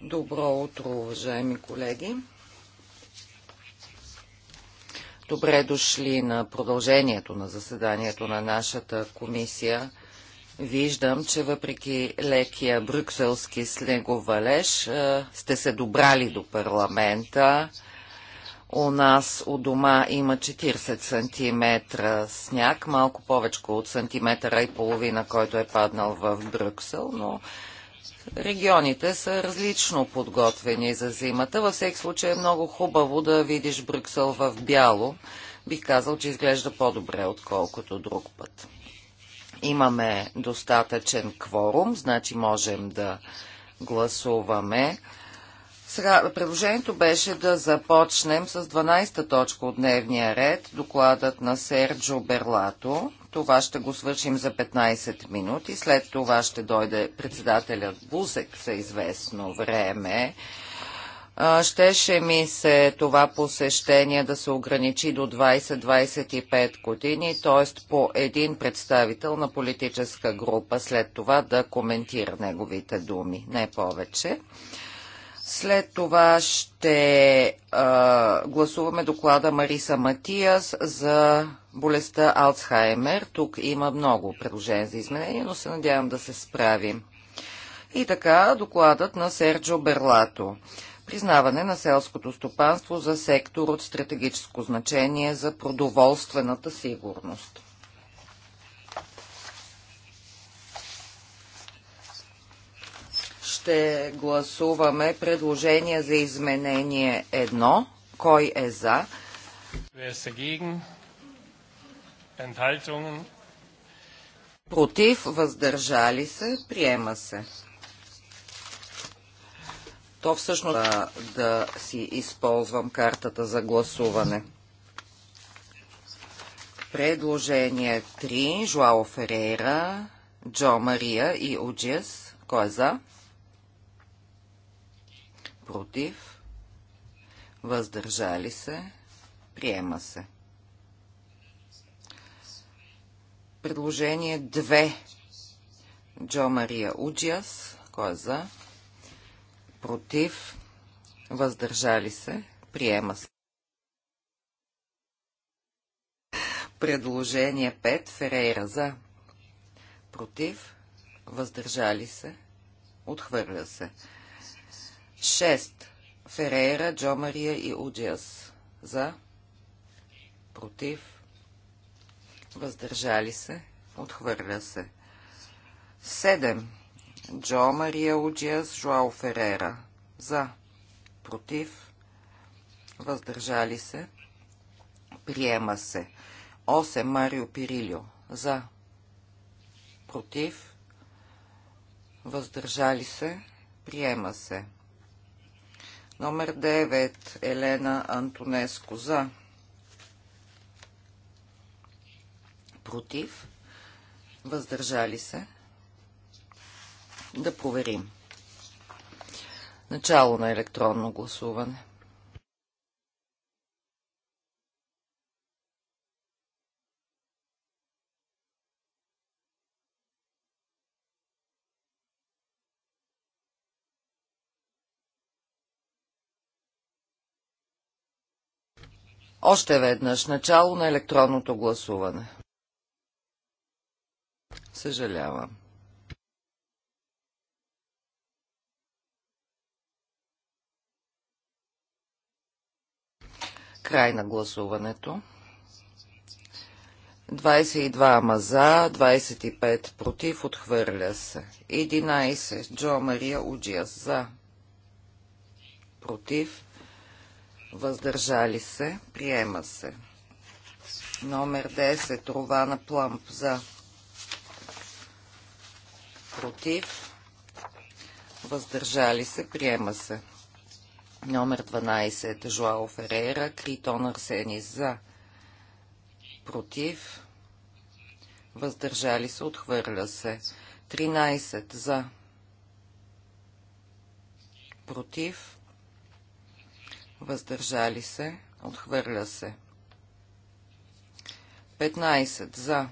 Добро утро, уважаеми колеги. Добре дошли на продължението на заседанието на нашата комисия. Виждам, че въпреки лекия брюкселски снеговалеж сте се добрали до парламента. У нас у дома има 40 см сняг, малко повече от сантиметъра и половина, който е паднал в Брюксел, но регионите са различно подготвени за зимата. Във всеки случай е много хубаво да видиш Брюксел в бяло. Бих казал, че изглежда по-добре, отколкото друг път. Имаме достатъчен кворум, значи можем да гласуваме. Сега, предложението беше да започнем с 12-та точка от дневния ред, докладът на Серджо Берлато. Това ще го свършим за 15 минути. След това ще дойде председателят Бузек за известно време. Щеше ми се това посещение да се ограничи до 20-25 години, т.е. по един представител на политическа група, след това да коментира неговите думи, не повече. След това ще а, гласуваме доклада Мариса Матиас за болестта Алцхаймер. Тук има много предложения за изменения, но се надявам да се справим. И така, докладът на Серджо Берлато. Признаване на селското стопанство за сектор от стратегическо значение за продоволствената сигурност. ще гласуваме предложение за изменение 1. Кой е за? Против, въздържали се, приема се. То всъщност да, е да си използвам картата за гласуване. Предложение 3. Жуао Ферейра, Джо Мария и Уджес. Кой е за? против, въздържали се, приема се. Предложение 2. Джо Мария Уджиас. Кой е за? Против. Въздържали се. Приема се. Предложение 5. Ферейра за. Против. Въздържали се. Отхвърля се. 6. Ферейра, Джо Мария и Уджиас. За. Против. Въздържали се. Отхвърля се. 7. Джо Мария Уджиас, Жуао Ферера. За. Против. Въздържали се. Приема се. 8. Марио Пирилио. За. Против. Въздържали се. Приема се. Номер 9. Елена Антонеско за. Против. Въздържали се. Да проверим. Начало на електронно гласуване. Още веднъж начало на електронното гласуване. Съжалявам. Край на гласуването. 22 за, 25 против, отхвърля се. 11 Джо Мария Уджиас за, против, въздържали се, приема се. Номер 10, Рована пламп за, против, въздържали се, приема се. Номер 12, Жуао Ферейра, Критон Арсени за, против, въздържали се, отхвърля се. 13 за, против, въздържали се, отхвърля се. 15 за,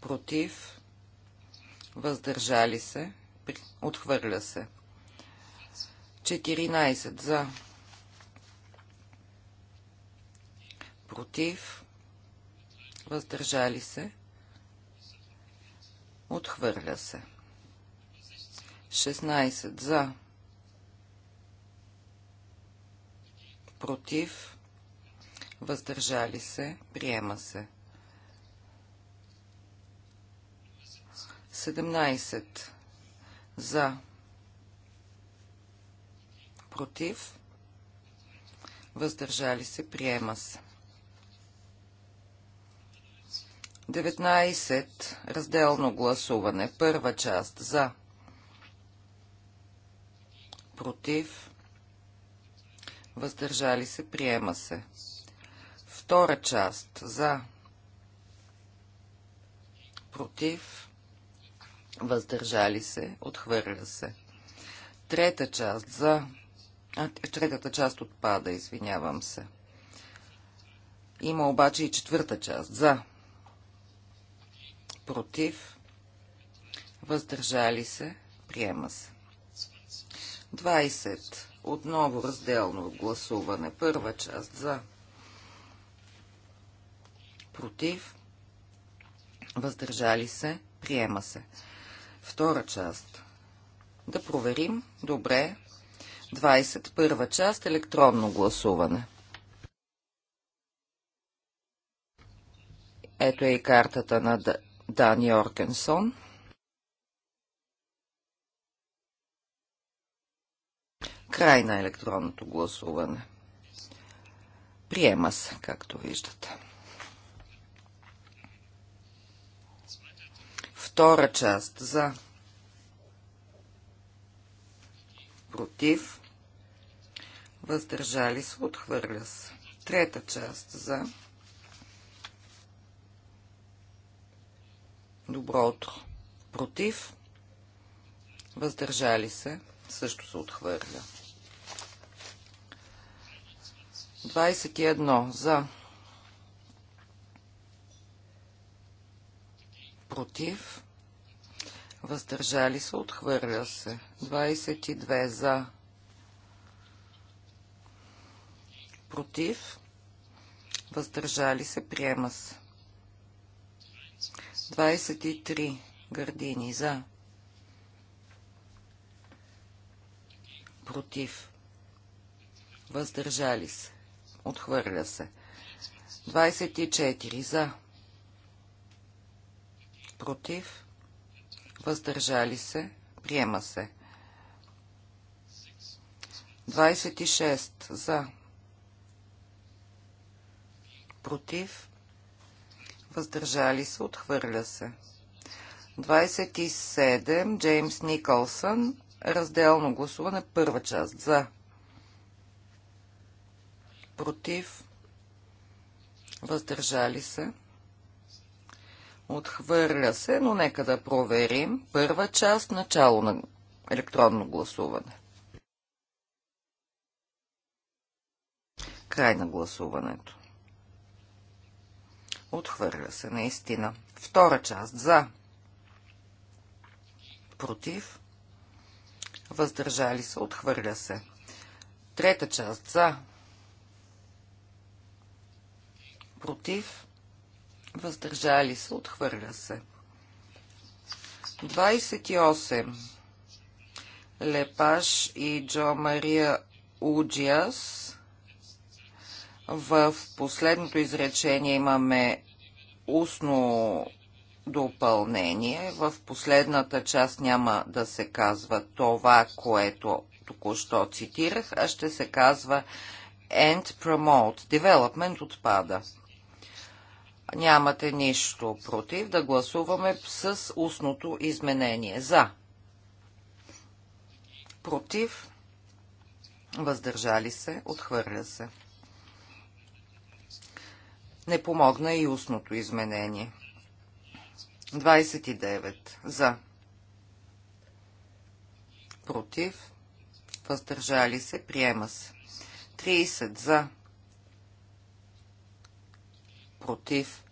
против, въздържали се, отхвърля се. 14 за, против, въздържали се, отхвърля се. 16 за, против, въздържали се, приема се. 17 за, против, въздържали се, приема се. 19. Разделно гласуване. Първа част. За. Против въздържали се, приема се. Втора част за, против, въздържали се, отхвърля се. Трета част за, а, третата част отпада, извинявам се. Има обаче и четвърта част за, против, въздържали се, приема се. 20 отново разделно гласуване. Първа част за. Против. Въздържали се. Приема се. Втора част. Да проверим. Добре. 21 част. Електронно гласуване. Ето е и картата на Дани Оркенсон. Край на електронното гласуване. Приема се, както виждате. Втора част за против, въздържали се, отхвърля се. Трета част за Доброто. Против, въздържали се, също се отхвърля. 21 за. Против. Въздържали се. Отхвърля се. 22 за. Против. Въздържали се. Приема се. 23 гърдини за. Против. Въздържали се. Отхвърля се. 24 за. Против. Въздържали се. Приема се. 26 за. Против. Въздържали се. Отхвърля се. 27. Джеймс Николсън. Разделно гласуване. Първа част. За против, въздържали се. Отхвърля се, но нека да проверим. Първа част, начало на електронно гласуване. Край на гласуването. Отхвърля се, наистина. Втора част, за. Против. Въздържали се, отхвърля се. Трета част, за. против, въздържали се, отхвърля се. 28. Лепаш и Джо Мария Уджиас. В последното изречение имаме устно допълнение. В последната част няма да се казва това, което току-що цитирах, а ще се казва and promote. Development отпада нямате нищо против, да гласуваме с устното изменение. За. Против. Въздържали се. Отхвърля се. Не помогна и устното изменение. 29. За. Против. Въздържали се. Приема се. 30. За против,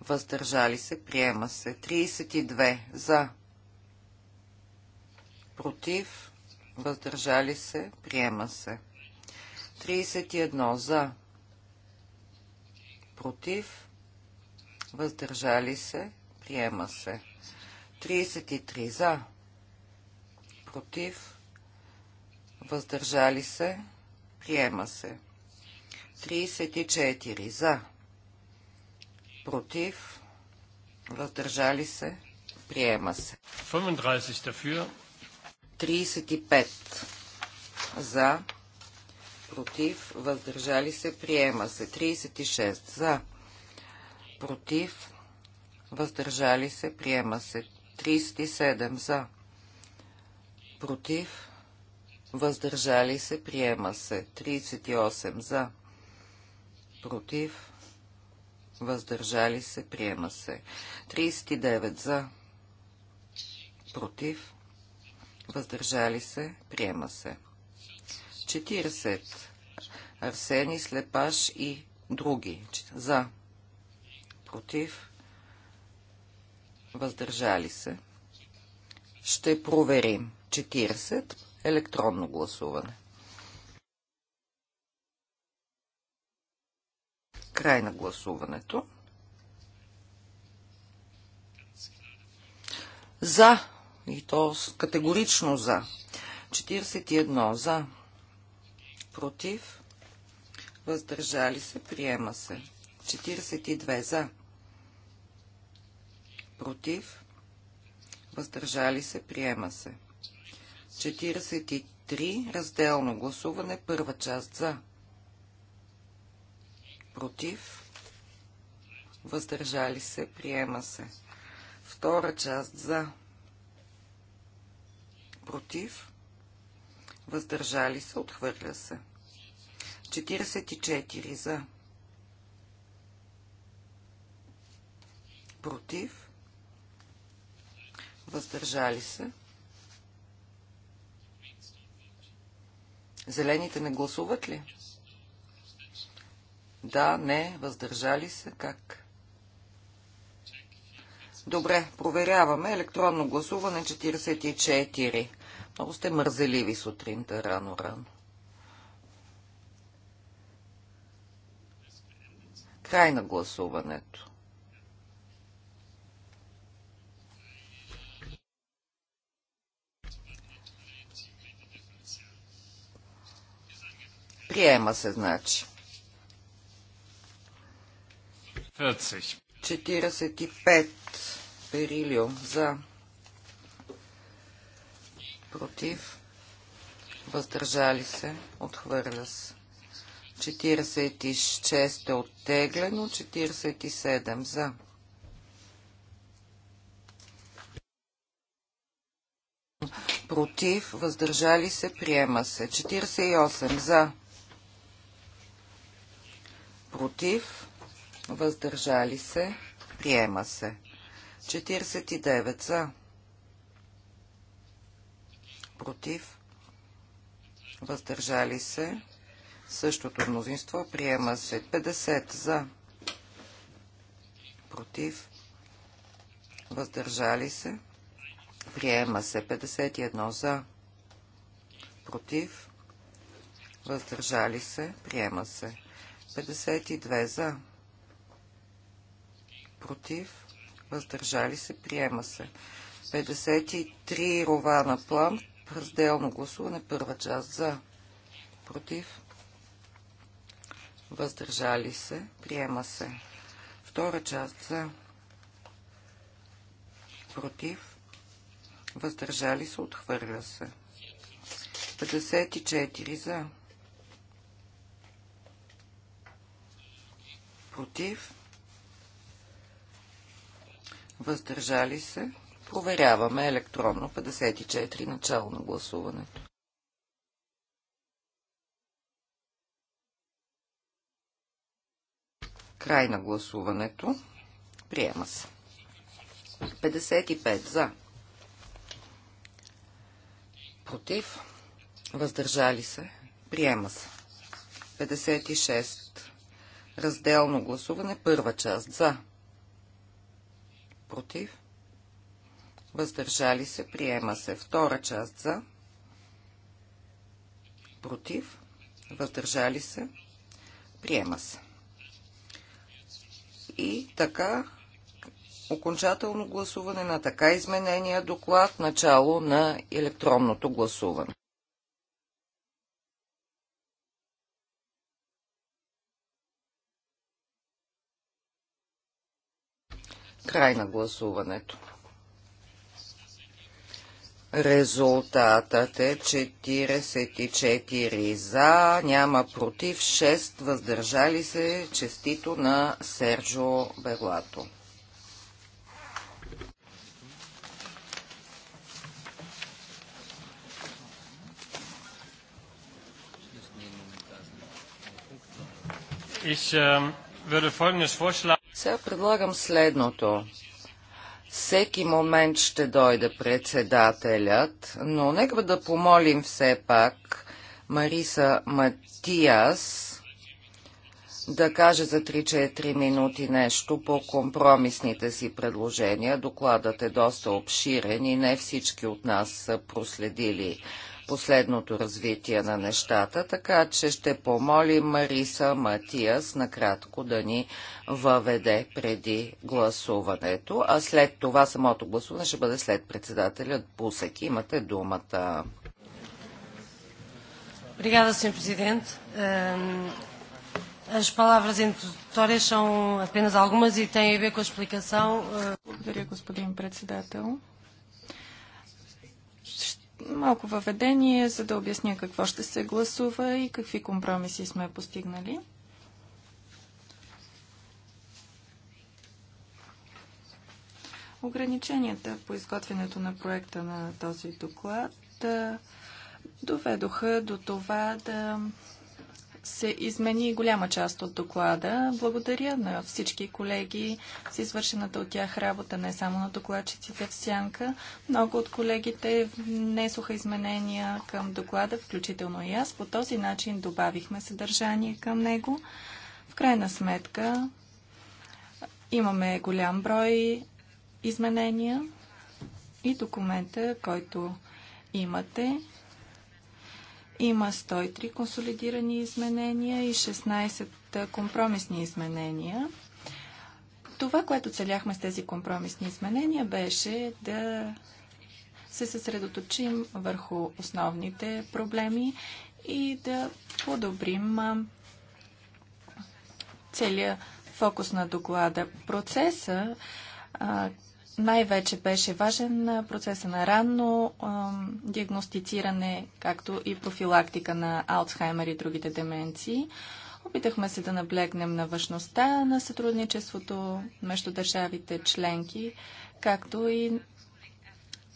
въздържали се, приема се. 32 за, против, въздържали се, приема се. 31 за, против, въздържали се, приема се. 33 за, против, въздържали се, приема се. 34 за, против, против, въздържали се, приема се. 35 за, против, въздържали се, приема се. 36 за, против, въздържали се, приема се. 37 за, против, въздържали се, приема се. 38 за, против, въздържали се, приема се. 39 за, против, въздържали се, приема се. 40. Арсени, Слепаш и други. За, против, въздържали се. Ще проверим. 40. Електронно гласуване. Край на гласуването. За, и то категорично за. 41 за. Против. Въздържали се. Приема се. 42 за. Против. Въздържали се. Приема се. 43. Разделно гласуване. Първа част за против, въздържали се, приема се. Втора част за, против, въздържали се, отхвърля се. 44 за, против, въздържали се. Зелените не гласуват ли? Да, не, въздържали се, как? Добре, проверяваме. Електронно гласуване 44. Много сте мързеливи сутринта, рано-рано. Край на гласуването. Приема се, значи. 45. Перилио. За. Против. Въздържали се. Отхвърля се. 46 е оттеглено. 47. За. Против. Въздържали се. Приема се. 48. За. Против въздържали се, приема се. 49 за, против, въздържали се, същото мнозинство, приема се. 50 за, против, въздържали се, приема се. 51 за, против, въздържали се, приема се. 52 за, против, въздържали се, приема се. 53 рова на Плам, разделно гласуване, първа част за, против, въздържали се, приема се. Втора част за, против, въздържали се, отхвърля се. 54 за, против, въздържали се. Проверяваме електронно 54 начало на гласуването. Край на гласуването. Приема се. 55 за. Против. Въздържали се. Приема се. 56. Разделно гласуване. Първа част за против, въздържали се, приема се. Втора част за, против, въздържали се, приема се. И така, окончателно гласуване на така изменения доклад, начало на електронното гласуване. Край на гласуването. Резултатът е 44 за, няма против, 6 въздържали се. Честито на Серджо Беглато. Ich äh, würde Folgendes vorschlagen. Сега предлагам следното. Всеки момент ще дойде председателят, но нека да помолим все пак Мариса Матиас да каже за 3-4 минути нещо по компромисните си предложения. Докладът е доста обширен и не всички от нас са проследили последното развитие на нещата, така че ще помолим Мариса Матиас накратко да ни въведе преди гласуването, а след това самото гласуване ще бъде след председателят Бусек. Имате думата. Obrigada, Sr. Presidente. As palavras introdutórias são apenas algumas e têm a ver com a explicação. Благодаря, господин председател малко въведение, за да обясня какво ще се гласува и какви компромиси сме постигнали. Ограниченията по изготвянето на проекта на този доклад доведоха до това да се измени голяма част от доклада. Благодаря на всички колеги с извършената от тях работа, не само на докладчиците в Сянка. Много от колегите внесоха изменения към доклада, включително и аз. По този начин добавихме съдържание към него. В крайна сметка имаме голям брой изменения и документа, който имате, има 103 консолидирани изменения и 16 компромисни изменения. Това, което целяхме с тези компромисни изменения, беше да се съсредоточим върху основните проблеми и да подобрим целият фокус на доклада. Процеса, най-вече беше важен процеса на ранно а, диагностициране, както и профилактика на Алцхаймер и другите деменции. Опитахме се да наблегнем на важността на сътрудничеството между държавите членки, както и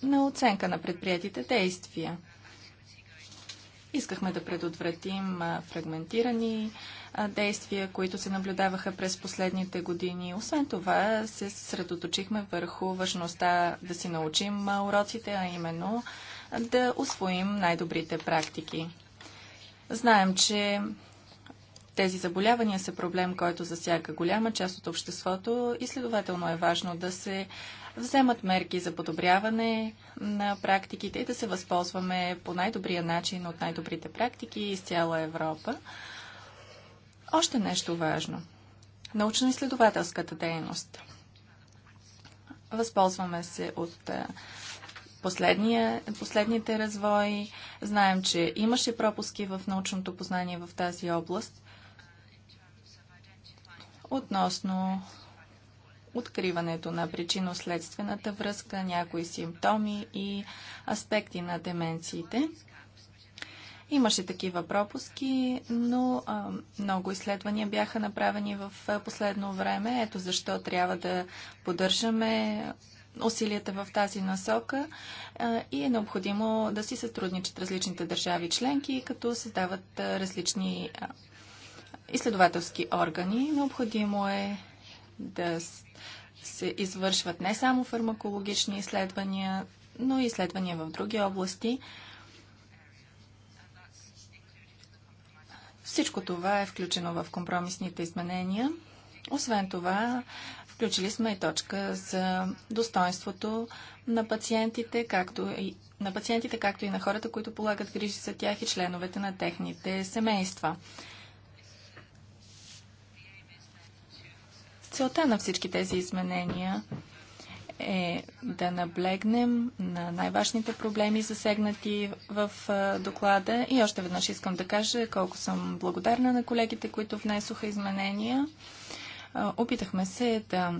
на оценка на предприятите действия. Искахме да предотвратим фрагментирани действия, които се наблюдаваха през последните години. Освен това, се средоточихме върху важността да си научим уроците, а именно да освоим най-добрите практики. Знаем, че тези заболявания са проблем, който засяга голяма част от обществото и следователно е важно да се вземат мерки за подобряване на практиките и да се възползваме по най-добрия начин от най-добрите практики из цяла Европа. Още нещо важно. Научно-изследователската дейност. Възползваме се от е, последните развои. Знаем, че имаше пропуски в научното познание в тази област относно откриването на причинно-следствената връзка, някои симптоми и аспекти на деменциите – Имаше такива пропуски, но а, много изследвания бяха направени в последно време. Ето защо трябва да поддържаме усилията в тази насока а, и е необходимо да си сътрудничат различните държави членки, като създават а, различни а, изследователски органи. Необходимо е да се извършват не само фармакологични изследвания, но и изследвания в други области. Всичко това е включено в компромисните изменения. Освен това, включили сме и точка за достоинството на пациентите, както и на пациентите, както и на хората, които полагат грижи за тях и членовете на техните семейства. Целта на всички тези изменения е да наблегнем на най-важните проблеми, засегнати в доклада. И още веднъж искам да кажа колко съм благодарна на колегите, които внесоха изменения. Опитахме се да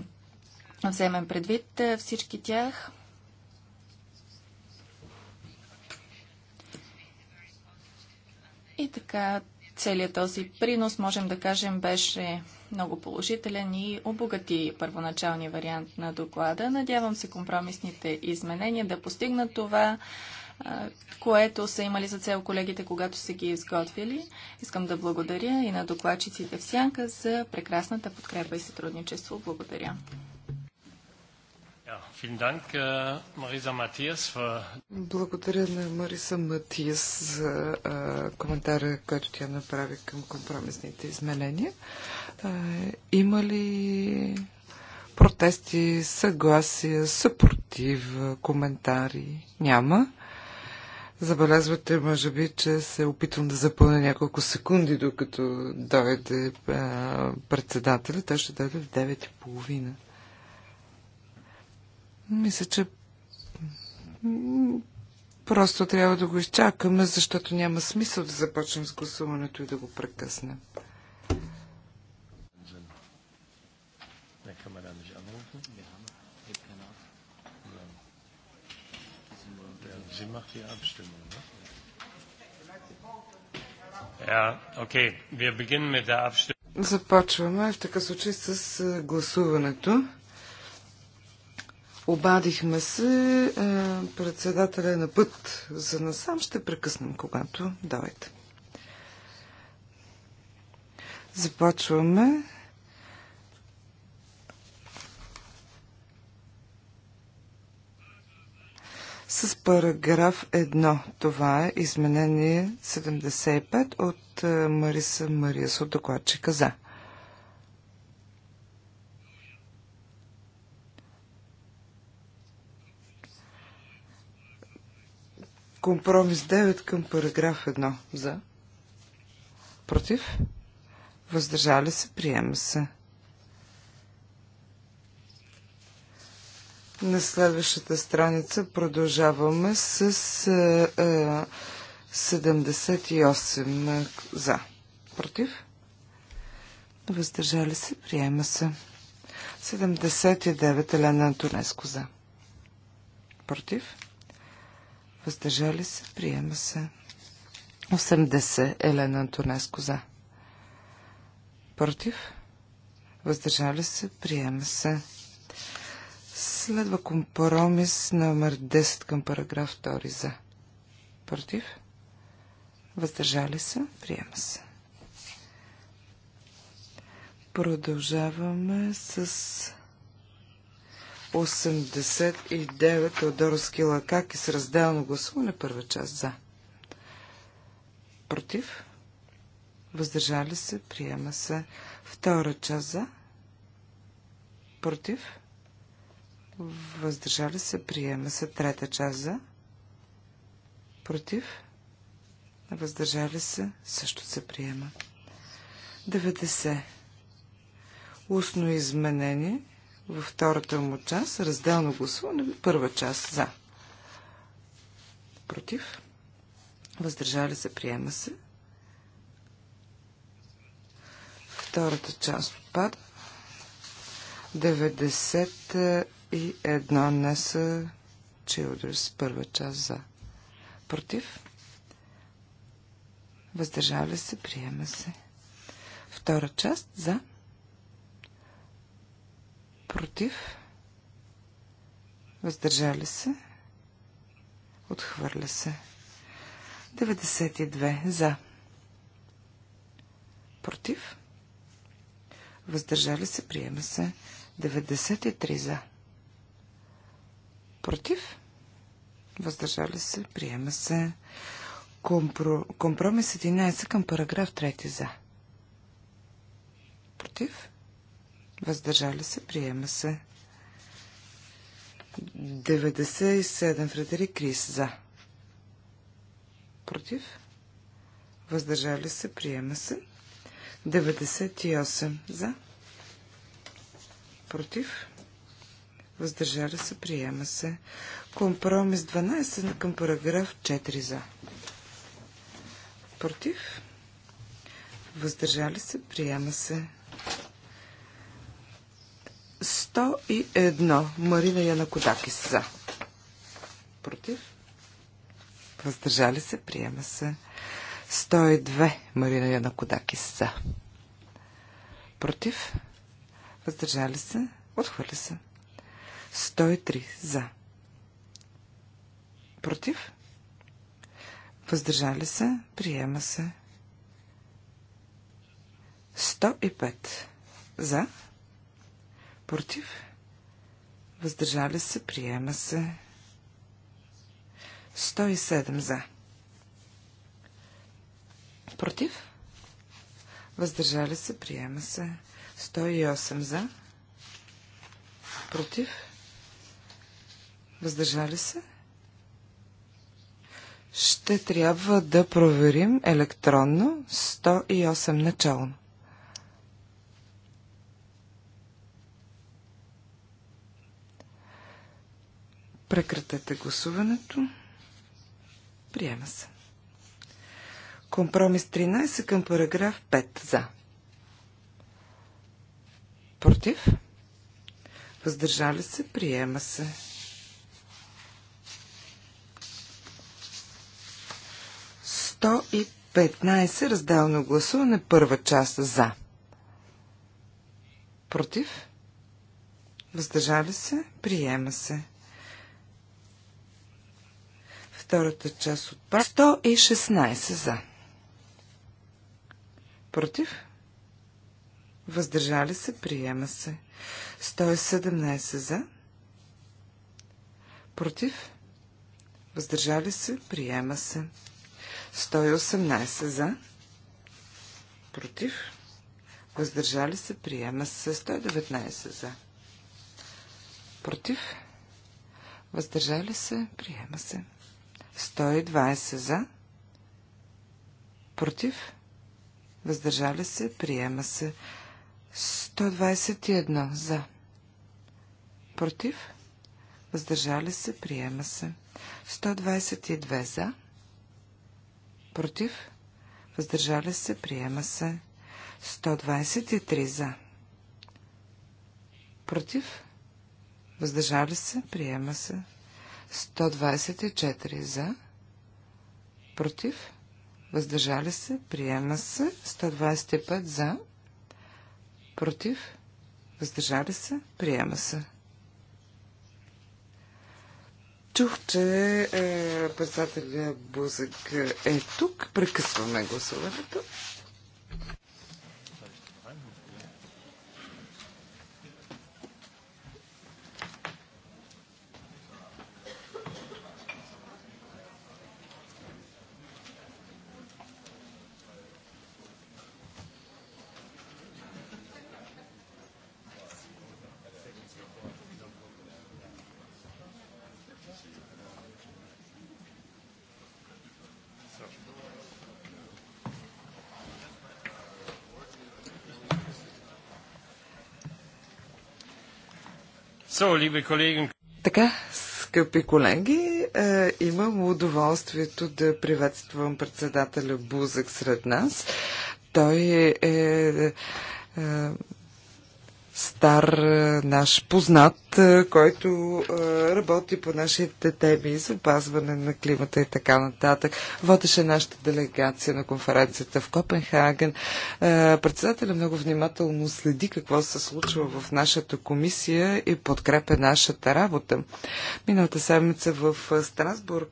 вземем предвид всички тях. И така, целият този принос, можем да кажем, беше много положителен и обогати първоначалния вариант на доклада. Надявам се компромисните изменения да постигнат това, което са имали за цел колегите, когато са ги изготвили. Искам да благодаря и на докладчиците в Сянка за прекрасната подкрепа и сътрудничество. Благодаря. Äh, Благодаря на Мариса Матиас за коментара, който тя направи към компромисните изменения. има ли протести, съгласия, съпротив, коментари? Няма. Забелязвате, може би, че се опитвам да запълня няколко секунди, докато дойде председателя. Той ще дойде в 9.30. Мисля, че просто трябва да го изчакаме, защото няма смисъл да започнем с гласуването и да го прекъснем. Започваме в такъв случай с гласуването. Обадихме се, е, председателя е на път за насам. Ще прекъснем, когато Давайте. Започваме. с параграф 1. Това е изменение 75 от е, Мариса Мария от докладчика за. Компромис 9 към параграф 1. За. Против. Въздържали се. Приема се. На следващата страница продължаваме с е, е, 78 за. Против? Въздържали се? Приема се. 79 Елена Антонеско за. Против? Въздържали се, приема се. 80. Елена Антонеско за. Против. Въздържали се, приема се. Следва компромис номер 10 към параграф 2 за. Против. Въздържали се, приема се. Продължаваме с 89 Теодоро Скила как и с разделно гласуване първа част за. Против. Въздържали се. Приема се. Втора част за. Против. Въздържали се. Приема се. Трета част за. Против. Въздържали се. Също се приема. 90. Устно изменение във втората му част, разделно гласуване, първа част за. Против. Въздържали се, приема се. Втората част отпада. 91 не са Childress, първа част за. Против. Въздържали се, приема се. Втора част за. Против. Въздържали се. Отхвърля се. 92. За. Против. Въздържали се. Приема се. 93. За. Против. Въздържали се. Приема се. Компромис 11 към параграф 3. За. Против. Въздържали се. Приема се. 97. Фредерик Крис. За. Против. Въздържали се. Приема се. 98. За. Против. Въздържали се. Приема се. Компромис 12 към параграф 4. За. Против. Въздържали се. Приема се. 101. Марина Янакодакис за. Против. Въздържали се. Приема се. 102. Марина Янакодакис за. Против. Въздържали се. Отхвърля се. 103. За. Против. Въздържали се. Приема се. 105. За. Против? Въздържали се, приема се. 107 за. Против? Въздържали се, приема се. 108 за. Против? Въздържали се? Ще трябва да проверим електронно 108 начално. Прекратете гласуването. Приема се. Компромис 13 към параграф 5 за. Против? Въздържали се? Приема се. Сто и 15 разделно гласуване, първа част за. Против? Въздържали се? Приема се. Втората част от пак. 116 за. Против? Въздържали се, приема се. 117 за. Против? Въздържали се, приема се. 118 за. Против? Въздържали се, приема се. 119 за. Против? Въздържали се, приема се. 120 за. Против. Въздържали се. Приема се. 121 за. Против. Въздържали се. Приема се. 122 за. Против. Въздържали се. Приема се. 123 за. Против. Въздържали се. Приема се. 124 за, против, въздържали се, приема се, 125 за, против, въздържали се, приема се. Чух, че е, председателя Бузък е тук. Прекъсваме гласуването. So, така, скъпи колеги, е, имам удоволствието да приветствам председателя Бузък сред нас. Той е, е стар е, наш познат, е, който е, работи по нашите теми за опазване на климата и така нататък. Водеше нашата делегация на конференцията в Копенхаген. Председателя много внимателно следи какво се случва в нашата комисия и подкрепя нашата работа. Миналата седмица в Страсбург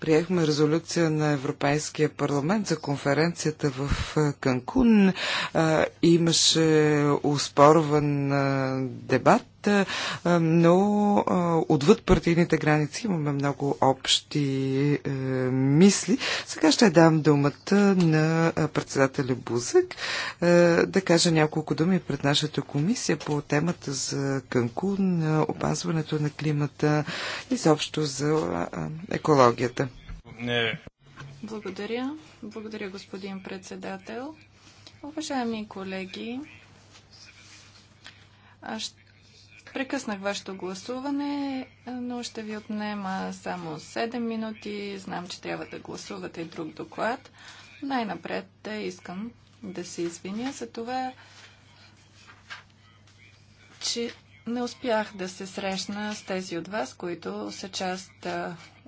приехме резолюция на Европейския парламент за конференцията в Канкун. Имаше успорване съгласуван дебат, но отвъд партийните граници имаме много общи е, мисли. Сега ще дам думата на председателя Бузък е, да каже няколко думи пред нашата комисия по темата за Канкун, опазването на климата и заобщо за екологията. Не. Благодаря. Благодаря, господин председател. Уважаеми колеги, аз прекъснах вашето гласуване, е, но ще ви отнема само 7 минути. Знам, че трябва да гласувате друг доклад. Най-напред е, искам да се извиня за това, че не успях да се срещна с тези от вас, които са част е,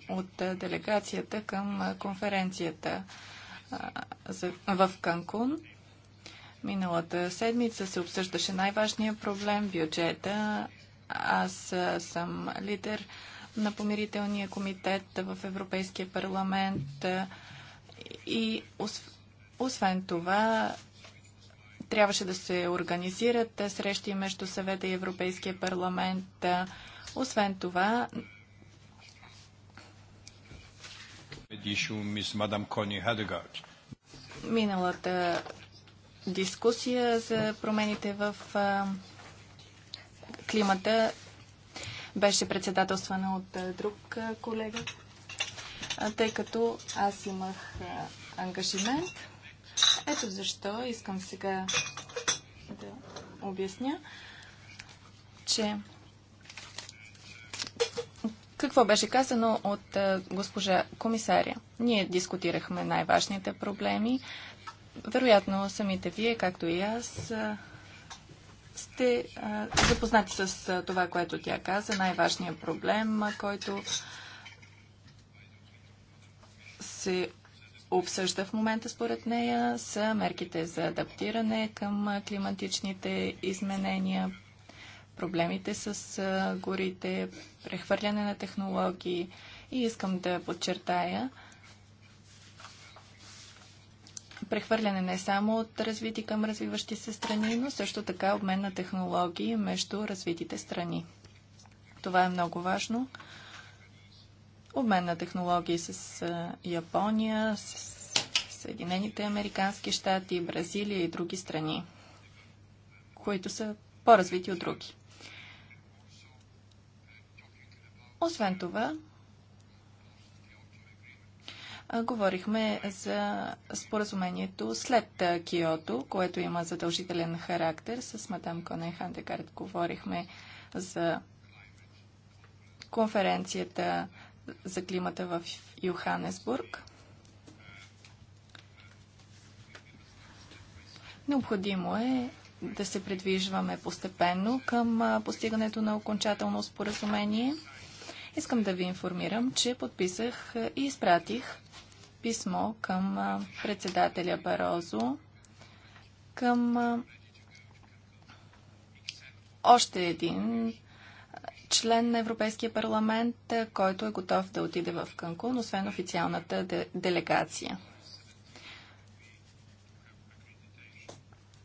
от делегацията към конференцията в Канкун. Миналата седмица се обсъждаше най-важният проблем – бюджета. Аз съм лидер на помирителния комитет в Европейския парламент и освен това трябваше да се организират срещи между съвета и Европейския парламент. Освен това, Миналата дискусия за промените в климата беше председателствана от друг колега, тъй като аз имах ангажимент. Ето защо искам сега да обясня, че какво беше казано от госпожа комисаря? Ние дискутирахме най-важните проблеми, вероятно самите вие, както и аз, сте запознати с това, което тя каза. Най-важният проблем, който се обсъжда в момента според нея са мерките за адаптиране към климатичните изменения, проблемите с горите, прехвърляне на технологии и искам да подчертая, прехвърляне не само от развити към развиващи се страни, но също така обмен на технологии между развитите страни. Това е много важно. Обмен на технологии с Япония, с Съединените Американски щати, Бразилия и други страни, които са по-развити от други. Освен това, говорихме за споразумението след Киото, което има задължителен характер. С мадам Коне Хандегард говорихме за конференцията за климата в Йоханесбург. Необходимо е да се предвижваме постепенно към постигането на окончателно споразумение – Искам да ви информирам, че подписах и изпратих писмо към председателя Барозо, към още един член на Европейския парламент, който е готов да отиде в Канкун, освен официалната делегация.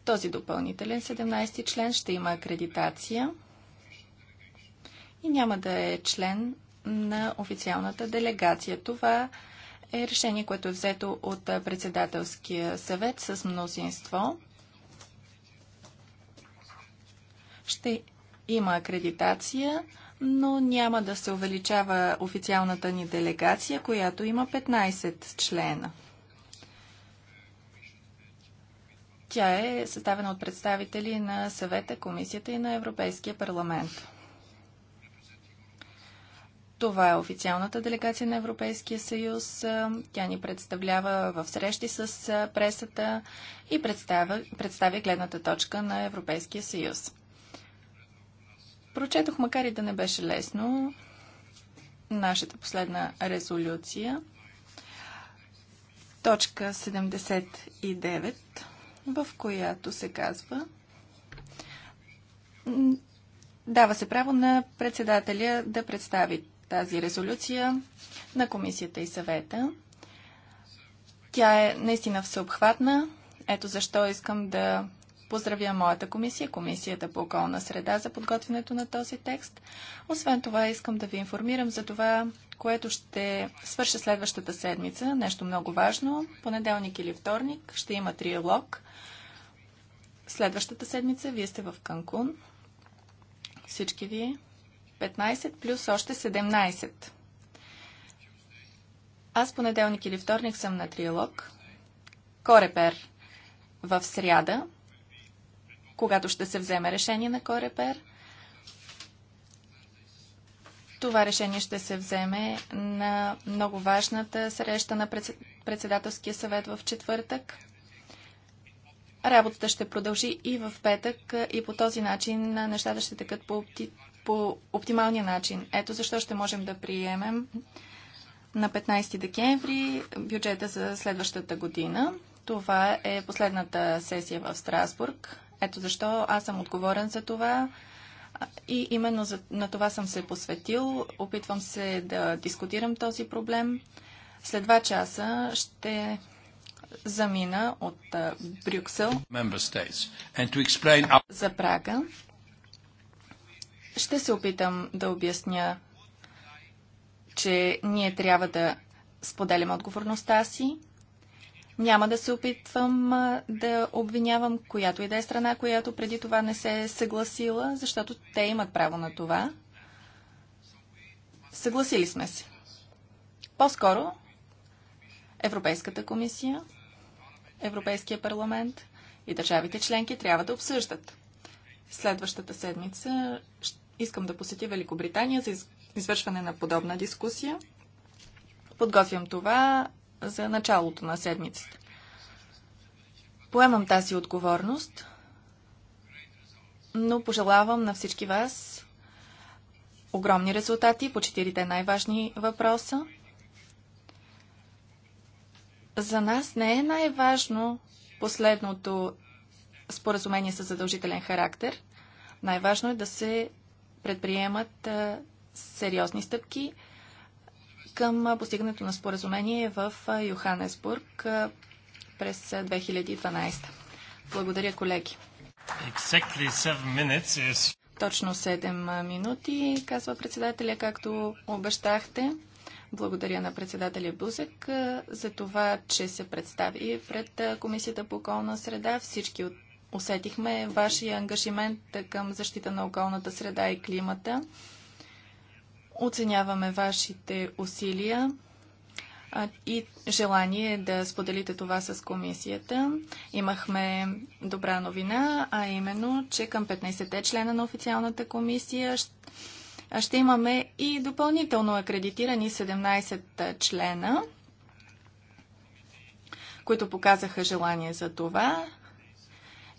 Този допълнителен 17 ти член ще има акредитация – и няма да е член на официалната делегация. Това е решение, което е взето от председателския съвет с мнозинство. Ще има акредитация, но няма да се увеличава официалната ни делегация, която има 15 члена. Тя е съставена от представители на съвета, комисията и на Европейския парламент. Това е официалната делегация на Европейския съюз. Тя ни представлява в срещи с пресата и представя, представя гледната точка на Европейския съюз. Прочетох, макар и да не беше лесно, нашата последна резолюция. Точка 79, в която се казва Дава се право на председателя да представи тази резолюция на комисията и съвета. Тя е наистина всеобхватна. Ето защо искам да поздравя моята комисия, Комисията по околна среда, за подготвянето на този текст. Освен това, искам да ви информирам за това, което ще свърша следващата седмица. Нещо много важно. Понеделник или вторник ще има триалог. Следващата седмица вие сте в Канкун. Всички вие. 15 плюс още 17. Аз понеделник или вторник съм на триалог. Корепер в сряда, когато ще се вземе решение на Корепер. Това решение ще се вземе на много важната среща на председателския съвет в четвъртък. Работата ще продължи и в петък и по този начин нещата ще текат по по оптималния начин. Ето защо ще можем да приемем на 15 декември бюджета за следващата година. Това е последната сесия в Страсбург. Ето защо аз съм отговорен за това и именно за, на това съм се посветил. Опитвам се да дискутирам този проблем. След два часа ще замина от Брюксел за Прага ще се опитам да обясня, че ние трябва да споделям отговорността си. Няма да се опитвам да обвинявам която и да е страна, която преди това не се е съгласила, защото те имат право на това. Съгласили сме се. По-скоро Европейската комисия, Европейския парламент и държавите членки трябва да обсъждат. Следващата седмица искам да посетя Великобритания за извършване на подобна дискусия. Подготвям това за началото на седмицата. Поемам тази отговорност, но пожелавам на всички вас огромни резултати по четирите най-важни въпроса. За нас не е най-важно последното споразумение с задължителен характер. Най-важно е да се предприемат сериозни стъпки към постигането на споразумение в Йоханесбург през 2012. Благодаря, колеги. Exactly is... Точно 7 минути, казва председателя, както обещахте. Благодаря на председателя Бузек за това, че се представи пред Комисията по околна среда. Всички от усетихме вашия ангажимент към защита на околната среда и климата. Оценяваме вашите усилия и желание да споделите това с комисията. Имахме добра новина, а именно, че към 15-те члена на официалната комисия ще имаме и допълнително акредитирани 17 члена, които показаха желание за това.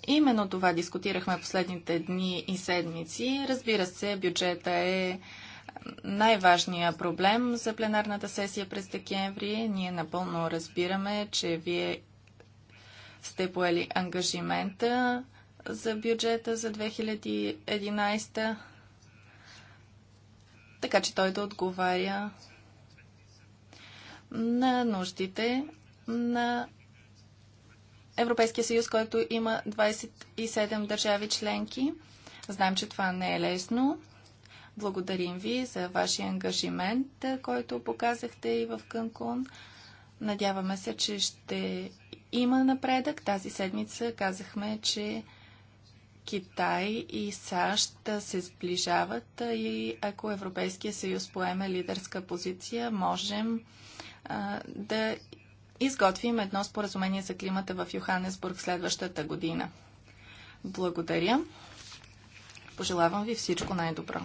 Именно това дискутирахме последните дни и седмици. Разбира се, бюджета е най-важният проблем за пленарната сесия през декември. Ние напълно разбираме, че вие сте поели ангажимента за бюджета за 2011, така че той да отговаря на нуждите на Европейския съюз, който има 27 държави членки. Знаем, че това не е лесно. Благодарим ви за вашия ангажимент, който показахте и в Канкун. Надяваме се, че ще има напредък. Тази седмица казахме, че Китай и САЩ се сближават и ако Европейския съюз поеме лидерска позиция, можем а, да изготвим едно споразумение за климата в Йоханесбург следващата година. Благодаря. Пожелавам ви всичко най-добро.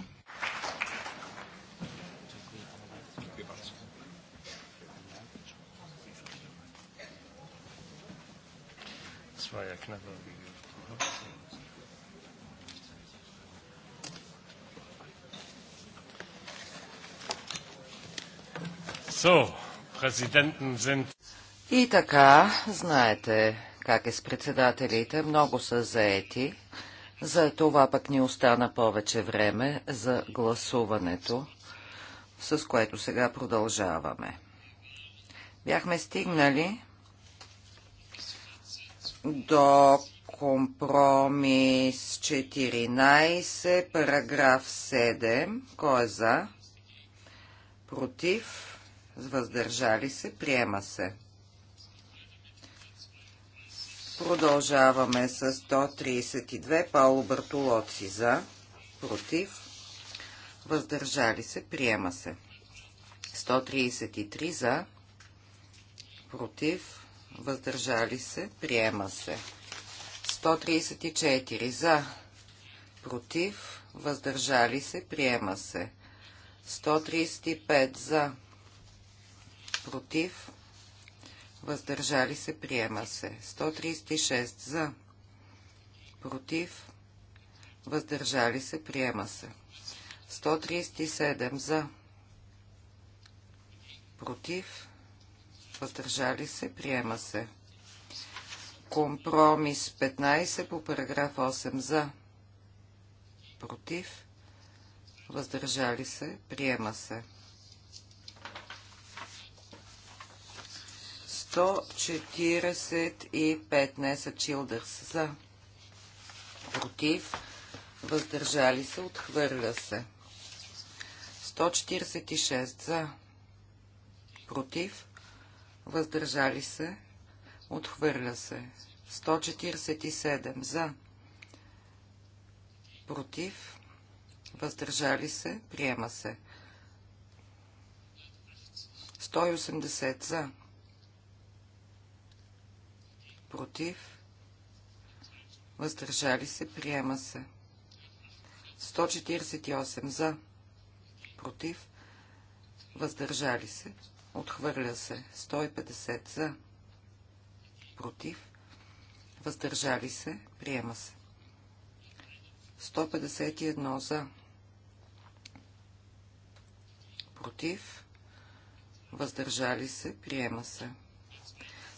So, Präsidenten sind. И така, знаете как е с председателите, много са заети, за това пък ни остана повече време за гласуването, с което сега продължаваме. Бяхме стигнали до компромис 14, параграф 7. Кой е за? Против? Въздържали се? Приема се. Продължаваме с 132. Пауло Бартолоци за, против, въздържали се, приема се. 133 за, против, въздържали се, приема се. 134 за, против, въздържали се, приема се. 135 за, против, въздържали се, приема се. 136 за, против, въздържали се, приема се. 137 за, против, въздържали се, приема се. Компромис 15 по параграф 8 за, против, въздържали се, приема се. 145 са е Чилдърс за. Против. Въздържали се. Отхвърля се. 146 за. Против. Въздържали се. Отхвърля се. 147 за. Против. Въздържали се. Приема се. 180 за против, въздържали се, приема се. 148 за, против, въздържали се, отхвърля се. 150 за, против, въздържали се, приема се. 151 за, против, въздържали се, приема се.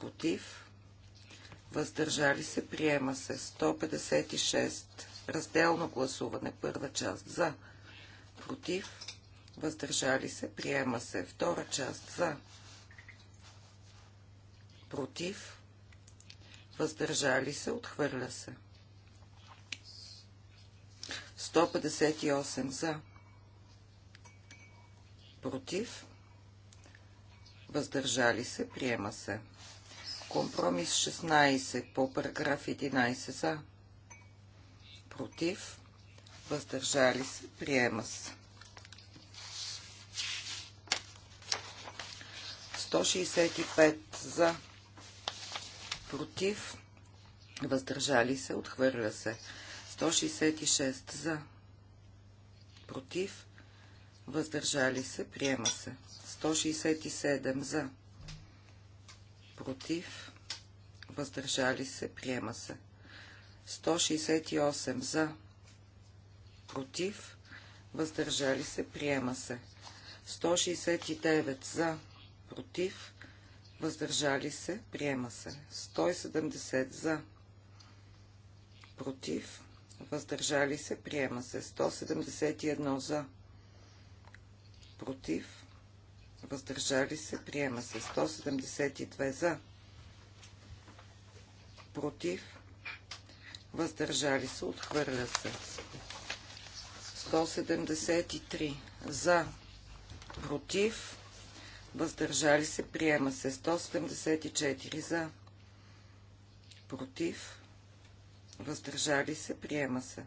против, въздържали се, приема се 156, разделно гласуване, първа част за, против, въздържали се, приема се втора част за, против, въздържали се, отхвърля се. 158 за, против, въздържали се, приема се. Компромис 16 по параграф 11 за. Против. Въздържали се. Приема се. 165 за. Против. Въздържали се. Отхвърля се. 166 за. Против. Въздържали се. Приема се. 167 за против, въздържали се, приема се. 168 за, против, въздържали се, приема се. 169 за, против, въздържали се, приема се. 170 за, против, въздържали се, приема се. 171 за, против, въздържали се, приема се 172 за, против, въздържали се, отхвърля се 173 за, против, въздържали се, приема се 174 за, против, въздържали се, приема се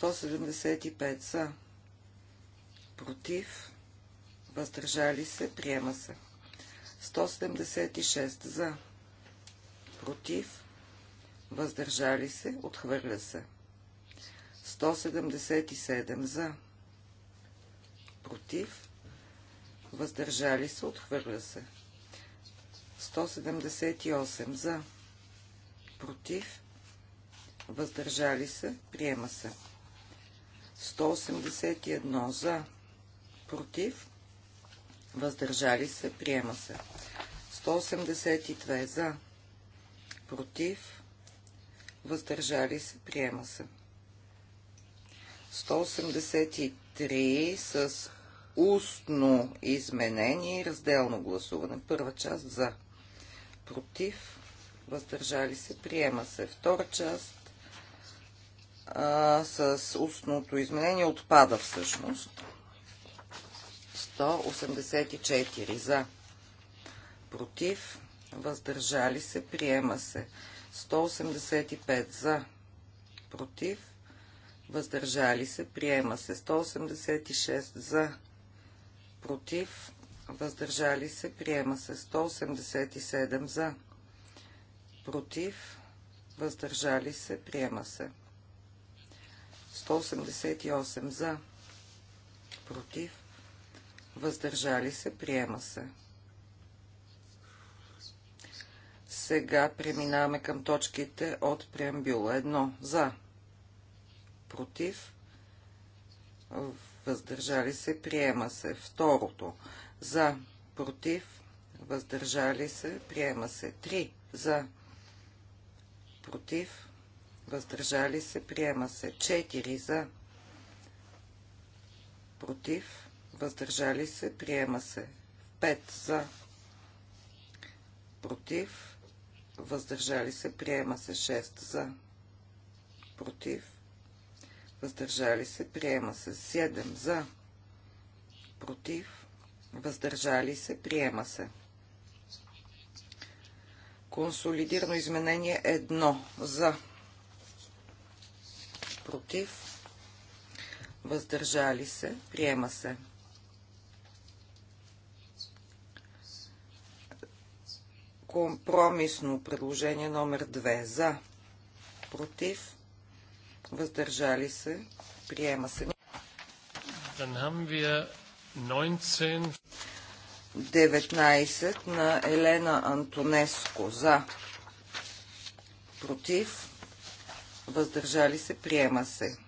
175 за, против, въздържали се, приема се. 176 за, против, въздържали се, отхвърля се. 177 за, против, въздържали се, отхвърля се. 178 за, против, въздържали се, приема се. 181 за, против, въздържали се, приема се. 182 за, против, въздържали се, приема се. 183 с устно изменение и разделно гласуване. Първа част за, против, въздържали се, приема се. Втора част а, с устното изменение отпада всъщност. 184 за, против, въздържали се, приема се. 185 за, против, въздържали се, приема се. 186 за, против, въздържали се, приема се. 187 за, против, въздържали се, приема се. 188 за, против, въздържали се, приема се. Сега преминаваме към точките от преамбюла. Едно за, против, въздържали се, приема се. Второто за, против, въздържали се, приема се. Три за, против, въздържали се, приема се. Четири за, против, въздържали се, приема се. 5 за, против, въздържали се, приема се. 6 за, против, въздържали се, приема се. 7 за, против, въздържали се, приема се. Консолидирано изменение 1 за, против, въздържали се, приема се. Компромисно предложение номер 2. За. Против. Въздържали се. Приема се. 19 на Елена Антонеско. За. Против. Въздържали се. Приема се.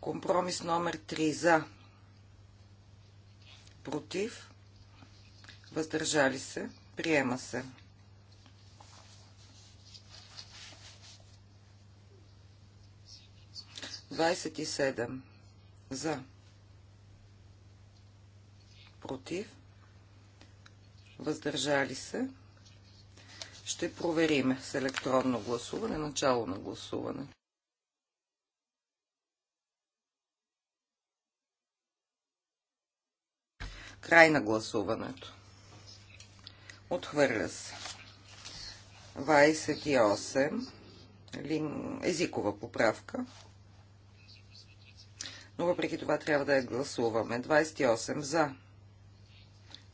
Компромис номер 3. За. Против. Въздържали се. Приема се. 27 за, против, въздържали се. Ще проверим с електронно гласуване, начало на гласуване. Край на гласуването. Отхвърля се. 28. Езикова поправка но въпреки това трябва да я гласуваме. 28 за,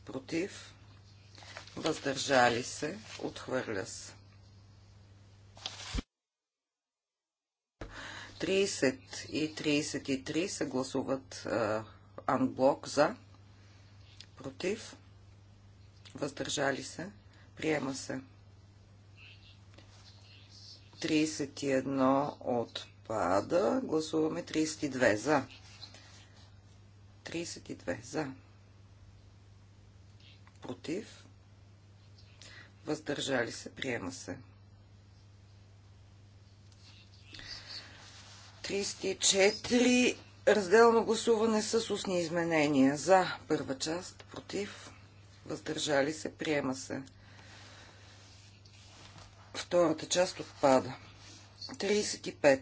против, въздържали се, отхвърля се. 30 и 33 се гласуват анблок за, против, въздържали се, приема се. 31 от Отпада, Гласуваме 32 за. 32 за. Против. Въздържали се. Приема се. 34. Разделно гласуване с устни изменения. За първа част. Против. Въздържали се. Приема се. Втората част отпада. 35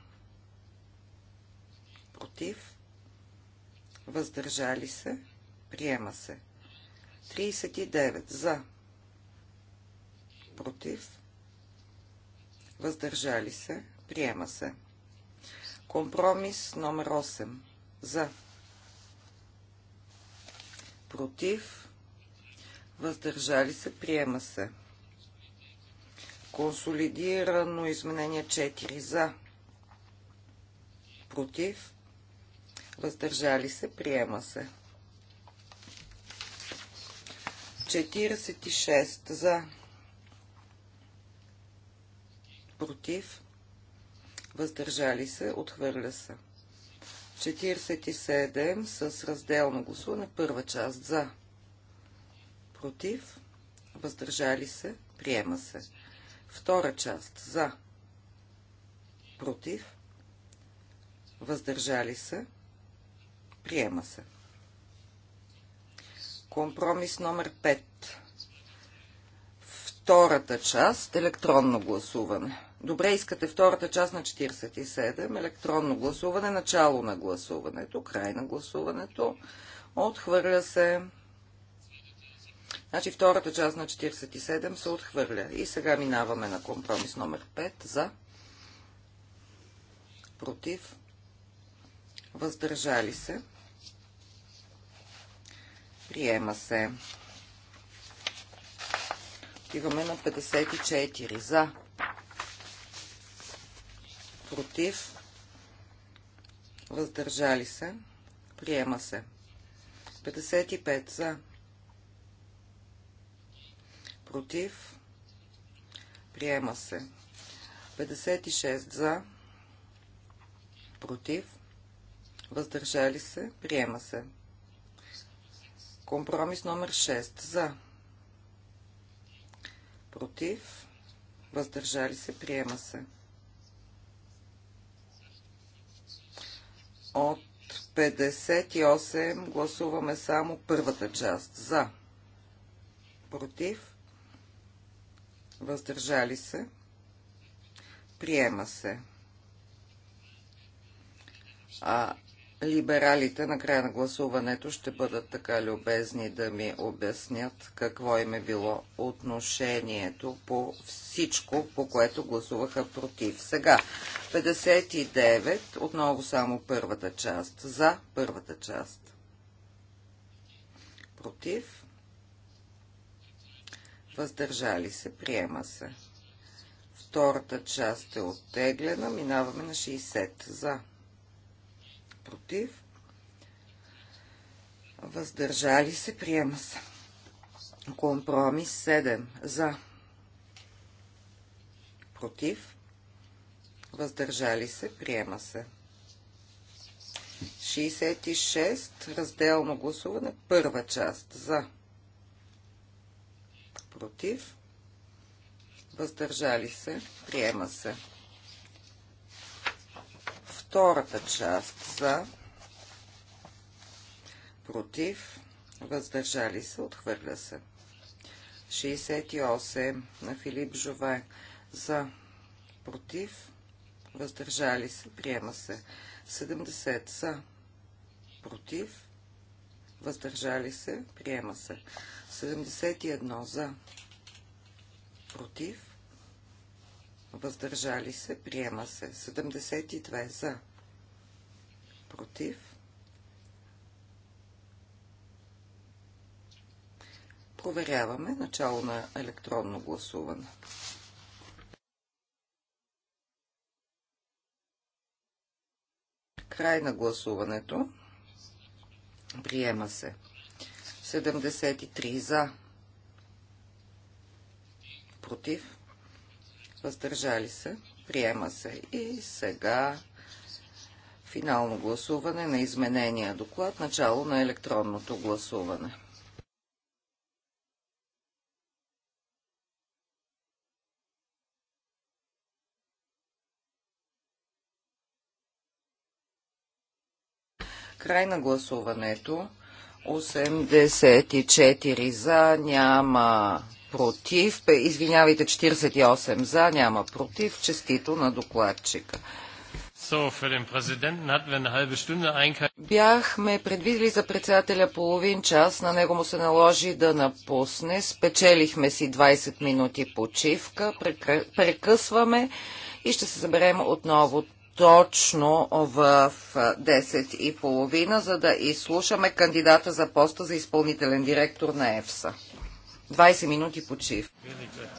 против, въздържали се, приема се. 39 за, против, въздържали се, приема се. Компромис номер 8 за, против, въздържали се, приема се. Консолидирано изменение 4 за, против, въздържали се, приема се. 46 за, против, въздържали се, отхвърля се. 47 с разделно гласуване, първа част за, против, въздържали се, приема се. Втора част за, против, въздържали се, Приема се. Компромис номер 5. Втората част – електронно гласуване. Добре, искате втората част на 47, електронно гласуване, начало на гласуването, край на гласуването, отхвърля се. Значи втората част на 47 се отхвърля. И сега минаваме на компромис номер 5 за против, въздържали се, Приема се. Отиваме на 54. За. Против. Въздържали се. Приема се. 55. За. Против. Приема се. 56. За. Против. Въздържали се. Приема се. Компромис номер 6. За. Против. Въздържали се. Приема се. От 58 гласуваме само първата част. За. Против. Въздържали се. Приема се. А либералите на края на гласуването ще бъдат така любезни да ми обяснят какво им е било отношението по всичко, по което гласуваха против. Сега, 59, отново само първата част. За първата част. Против. Въздържали се. Приема се. Втората част е оттеглена. Минаваме на 60. За против, въздържали се, приема се. Компромис 7 за, против, въздържали се, приема се. 66 разделно гласуване, първа част за, против, въздържали се, приема се втората част за, против, въздържали се, отхвърля се. 68 на Филип Жове за, против, въздържали се, приема се. 70 за, против, въздържали се, приема се. 71 за, против, въздържали се, приема се. 72 за, против, проверяваме начало на електронно гласуване. Край на гласуването. Приема се. 73 за. Против въздържали се, приема се. И сега финално гласуване на изменения доклад, начало на електронното гласуване. Край на гласуването. 84 за, няма против. Извинявайте, 48 за, няма против. Честито на докладчика. Бяхме предвидели за председателя половин час, на него му се наложи да напусне. Спечелихме си 20 минути почивка, прекъсваме и ще се заберем отново точно в 10 и половина, за да изслушаме кандидата за поста за изпълнителен директор на ЕФСА. 20 минути почив.